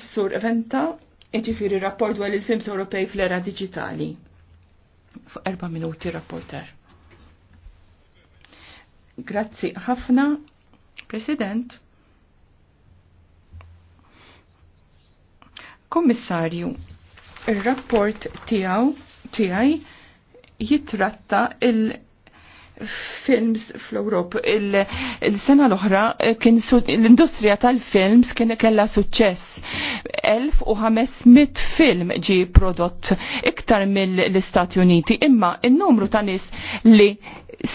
sur Eventa, iġifiri rapport dwar il-films Ewropej fl-era digitali. Fuq erba minuti rapporter. Grazzi ħafna, President. Kommissarju, il-rapport tijaw, tijaj, jitratta il- films fl-Europ. Il-sena l-oħra eh, kien l-industrija tal-films kien kella suċċess. 1500 film ġi prodott iktar mill-Istati Uniti imma il-numru ta' nis li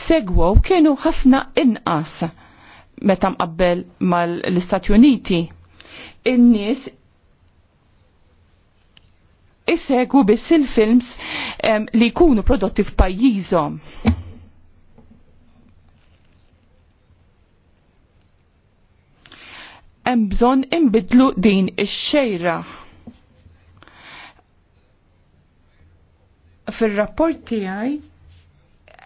segwow kienu ħafna inqas meta mqabbel mal-Istati Uniti. In-nies isegwu biss il-films li jkunu prodotti f'pajjiżhom. hemm bżonn din ix-xejra. Fir-rapport tiegħi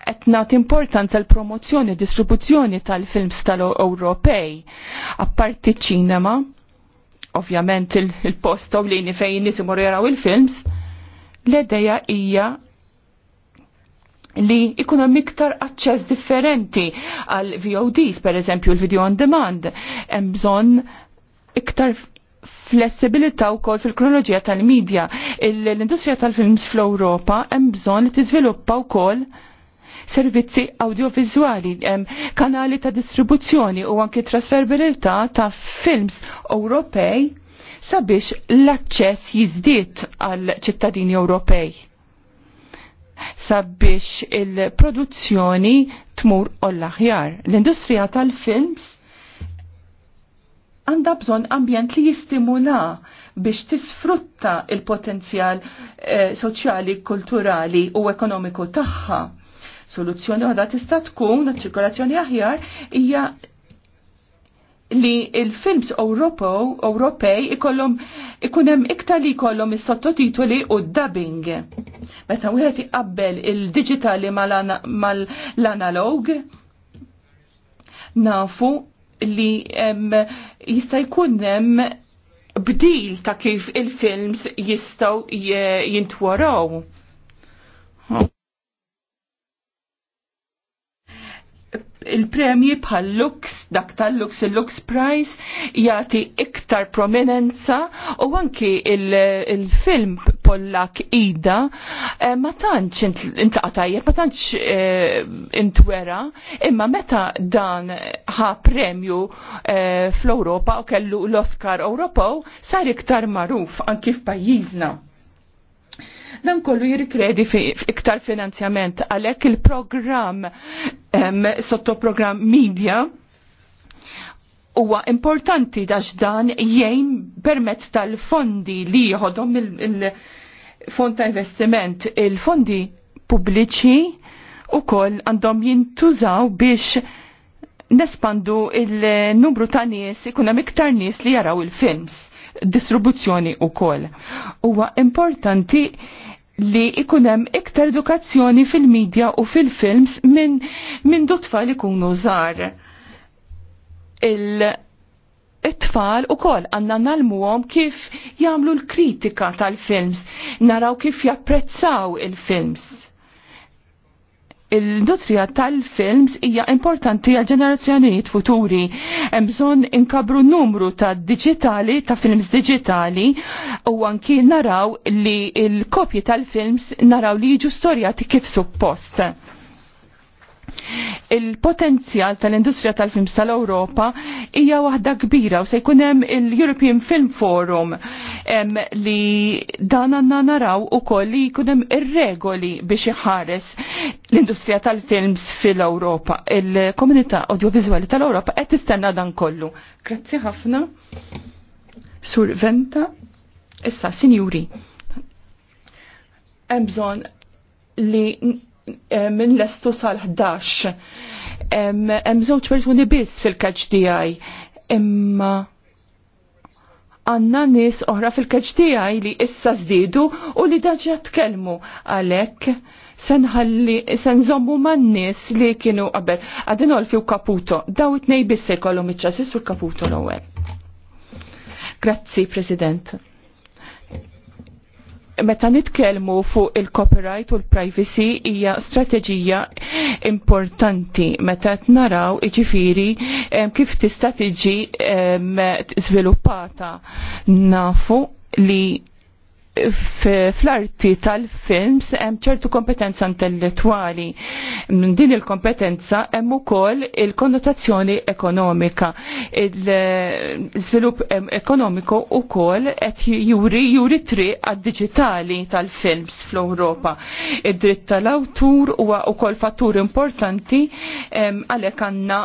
qed nagħti importanza l-promozzjoni u distribuzzjoni tal-films tal-Ewropej apparti ċinema, ovvjament il-post il, il li fejn nisimur jaraw il-films, l-edeja hija li ikun hemm iktar aċċess differenti għal VODs, per eżempju l-video on demand, hemm bżonn iktar flessibilità wkoll fil-kronoloġija tal-medja. L-industrija tal-films fl-Ewropa hemm bżonn li tiżviluppa wkoll servizzi audiovizuali, kanali ta' distribuzzjoni u anki trasferbilità ta' films Ewropej sabiex l-aċċess jizdiet għal ċittadini Ewropej sabiex il-produzzjoni tmur l aħjar L-industrija tal-films għandha bżonn ambjent li jistimula biex tisfrutta il-potenzjal eh, soċjali, kulturali u ekonomiku tagħha. Soluzzjoni għada tista' tkun ċirkolazzjoni aħjar hija li il-films Ewropej ikollhom ikun hemm iktar li jkollhom is-sottotitoli u dubbing Meta wieħed iqabbel il-diġitali mal-analog, nafu li jista' jkun hemm bdil ta' kif il-films jistgħu jintwaraw. il-premji bħal Lux, dak tal-Lux, il-Lux Prize, jati iktar prominenza u anki il-film Pollak Ida eh, ma tantx intlaqa ma tantx eh, intwera, imma meta dan ħa premju eh, fl-Ewropa u kellu l-Oscar Ewropew sar iktar magħruf anki f'pajjiżna dan kollu jirikredi iktar finanzjament għalhekk il-programm sottoprogramm media huwa importanti dax dan jgħin permezz tal-fondi li jħodhom il-fond ta' investiment. Il-fondi pubbliċi u koll għandhom jintużaw biex nespandu il-numru ta' nies, ikuna miktar nies li jaraw il-films, distribuzzjoni u koll. Huwa importanti li ikunem iktar edukazzjoni fil-medja u fil-films minn min dutfa li kunu zar it-tfal u kol għanna nalmuhom kif jamlu l-kritika tal-films, naraw kif japprezzaw il-films. Il-industrija tal-films hija importanti għal ġenerazzjonijiet futuri. Hemm bżonn inkabru numru ta' digitali ta' films digitali u anki naraw li l-kopji tal-films naraw li jiġu storjati kif suppost il-potenzjal tal-industrija tal-films tal-Europa hija waħda kbira u se jkun hemm il-European Film Forum em, li dan għandna naraw ukoll li jkun hemm ir-regoli biex iħares l-industrija tal-films fil-Ewropa. Il-komunità audiovizwali tal-Ewropa qed tistenna dan kollu. Grazzi ħafna. Sur Venta, issa, sinjuri, hemm bżonn li Eh, minn l-estu sal-11. Hemm żewġ persuni biss fil-kaġġ tiegħi. Imma għanna nis oħra fil-kaġ li issa żdiedu u li daġa tkellmu għalhekk senħalli senżommu man-nies li kienu qabel Adinolfi u kaputo. Daw it-tnej biss se jkollhom iċ-ċasis u Caputo l-ewwel. Grazzi, President meta nitkellmu fuq il-copyright u l-privacy hija strateġija importanti meta qed naraw iġifieri kif tista' tiġi żviluppata nafu li fl-arti tal-films hemm ċertu kompetenza intellettwali. Din il-kompetenza hemm ukoll il-konnotazzjoni ekonomika. Il-żvilupp ekonomiku ukoll qed juri juri triq għad-diġitali tal-films fl-Ewropa. Id-dritt tal-awtur huwa wkoll fattur importanti għalhekk għandna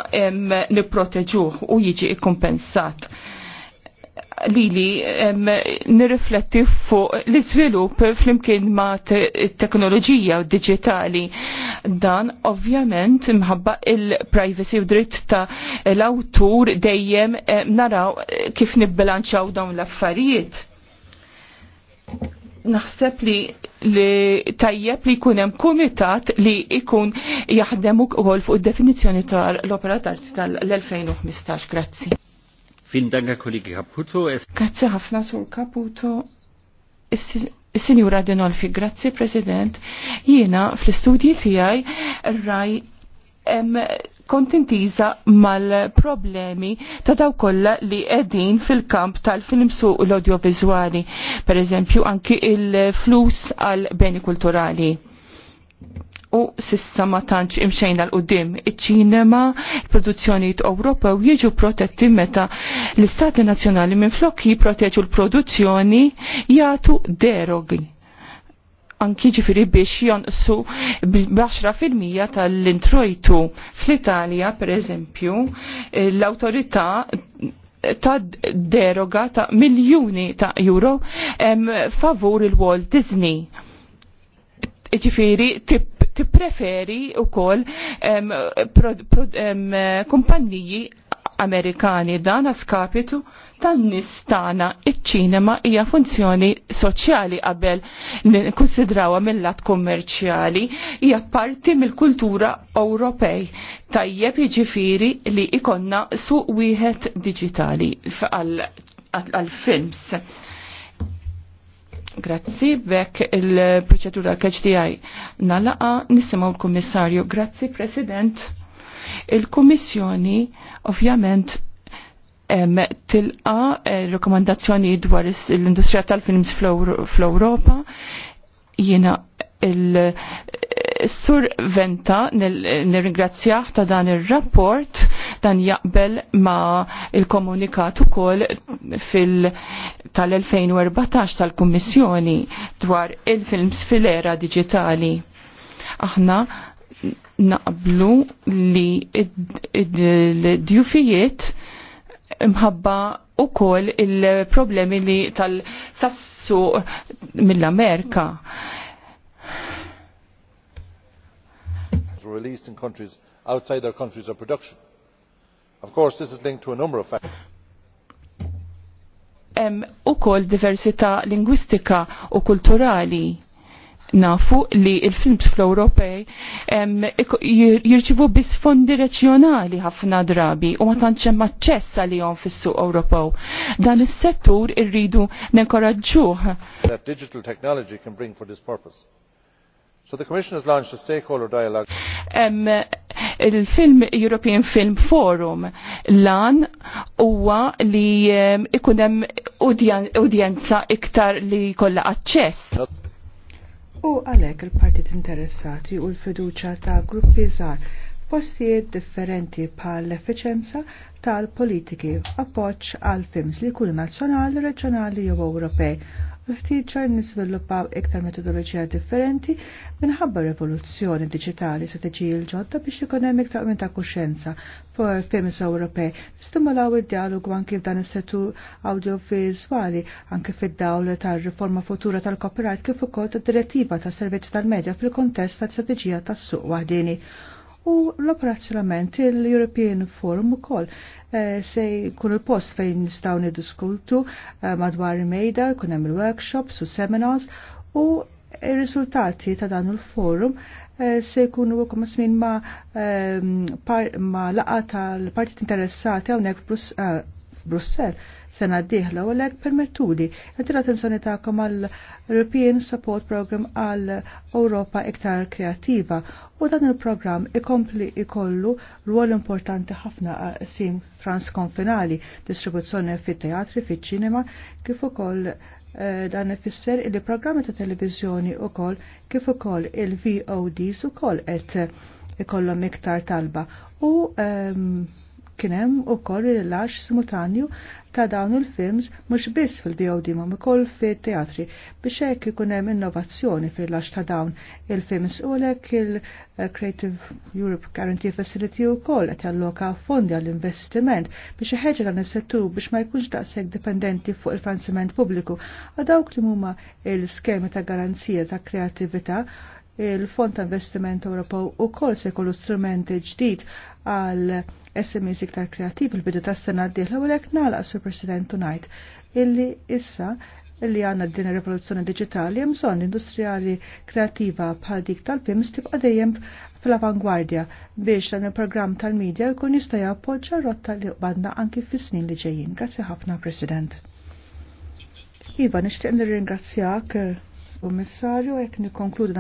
nipproteġuh u jiġi kkumpensat li li nirrifletti fuq l-izvilup fl-imkien ma teknoloġija u digitali. Dan ovvjament mħabba il-privacy u dritt ta' l-autur dejjem naraw kif nibbilanċaw dawn l-affarijiet. Naħseb li li tajjeb li kunem kumitat li ikun jaħdem ukoll fuq id-definizzjoni tal-opera tal-2015. Grazzi. Vielen Dank, Herr Kollege Caputo. Grazie ħafna sur Caputo. Is-Sinjura Dinolfi, grazzi President. Jiena fl-istudji tiegħi raj mal-problemi ta' daw kollha li qegħdin fil-kamp tal-film su l-audiovizuali, per eżempju anki il-flus għal beni kulturali u sissa ma tantx imxejn l qudiem iċ-ċinema, produzzjonijiet Ewropew jiġu protetti meta l-Istati Nazzjonali minn jipproteġu l-produzzjoni jagħtu derogi anki ġifiri biex jonqsu b-10% tal-introjtu. Fl-Italja, per eżempju, l-autorità ta' deroga ta' miljuni ta' euro favur il-Walt Disney ġifiri tipp tippreferi wkoll kumpanniji Amerikani dan kapitu tan-nistana iċ-ċinema hija funzjoni soċjali qabel nikkunsidrawha mill-lat kommerċjali hija parti mill-kultura Ewropej. Tajjeb jiġifieri li ikonna suq wieħed diġitali għal-films. Grazzi, bekk il-proċedura KHDI nalaqa nisimaw l-Kommissarju. Grazzi, President. Il-Kommissjoni ovvjament tilqa eh, rekomandazzjoni dwar l-industrija tal-films fl-Europa. Jiena il-surventa eh, nir ingrazzjaħ ta' dan il-rapport dan jaqbel ma il-komunikat ukoll fil tal-2014 tal-Kummissjoni dwar il-films fil-era digitali. Aħna naqblu li id-djufijiet mħabba u kol il-problemi li tal-tassu mill-Amerika. released in countries outside their countries of production. Of course, this is linked to a number of factors. Um, u kol diversita lingwistika u kulturali nafu li il-films fl-Ewropej jirċivu bis fondi reċjonali ħafna drabi u ma tantx hemm aċċess għalihom fis-suq Ewropew. Dan is-settur irridu nenkoraġġuh. That digital technology can bring for this purpose. So the Commission has launched a stakeholder dialogue. Um, il-film European Film Forum lan huwa li ikun hemm udjenza iktar li kollha aċċess. U għalhekk il-partit interessati u l-fiduċa ta' gruppi żgħar postijiet differenti bħal l-effiċenza tal-politiki appoċ għal films li jkunu nazzjonali, reġjonali jew Ewropej ħtieġa nisviluppaw iktar metodoloġija differenti minħabba rivoluzzjoni diġitali se tiġi l-ġodda biex ikun hemm iktar minn ta' kuxjenza f'films Ewropej stimulaw id-dialogu anki f'dan is-settur audiovizwali anke fid-dawl tar-riforma futura tal-copyright kif ukoll direttiva tas servizzi tal-medja fil-kontest ta' strateġija tas-suq waħdini u l-operazzjonament il-European Forum ukoll koll. Eh, se kun il-post fejn nistgħu niddiskutu eh, madwar il-mejda, kun hemm il-workshops u seminars u il-risultati ta' dan il-forum eh, se jkunu u ma, ma laqa tal-partit interessati hawnhekk plus Brussel sena d-dieħla u għalhekk permettuli għandir attenzjoni tagħkom għall European Support Program għal Ewropa iktar kreattiva u dan il-programm ikompli ikollu rwol importanti ħafna sim transkonfinali, distribuzzjoni fit-teatri, fit-ċinema, kif ukoll eh, dan ifisser il programmi ta' televizjoni u kol kif ukoll il-VODs u kol qed ikollhom iktar talba u um, kienem u koll rilax simultanju ta' dawn il-films mux biss fil-BOD ma' mikoll fi teatri biex hekk ikunem innovazzjoni fil-rilax ta' dawn il-films u lek il-Creative Europe Guarantee Facility u koll għet jalloka fondi għall-investiment biex ħeġa dan il-settur biex ma' jkunx daqseg dipendenti fuq il-franziment pubbliku għadawk li mumma il-skemi ta' garanzija ta' kreativita' il-Fond ta' Investiment Ewropew ukoll se jkollu strumenti ġdid għal SMEs iktar kreativ il-bidu tas sena d-dieħla u nalaq Sur President Tonight illi issa illi għanna din rivoluzzjoni digitali jemżon bżonn industrijali kreativa bħal dik tal-films tibqa' dejjem fl-avangwardja biex dan il-programm tal-medja jkun jista' jappoġġa rotta li qbadna anki fis-snin li ġejjin. Grazzi ħafna President. Iva, nixtieq nirringrazzjak, eh, missarju jekk nikkonkludu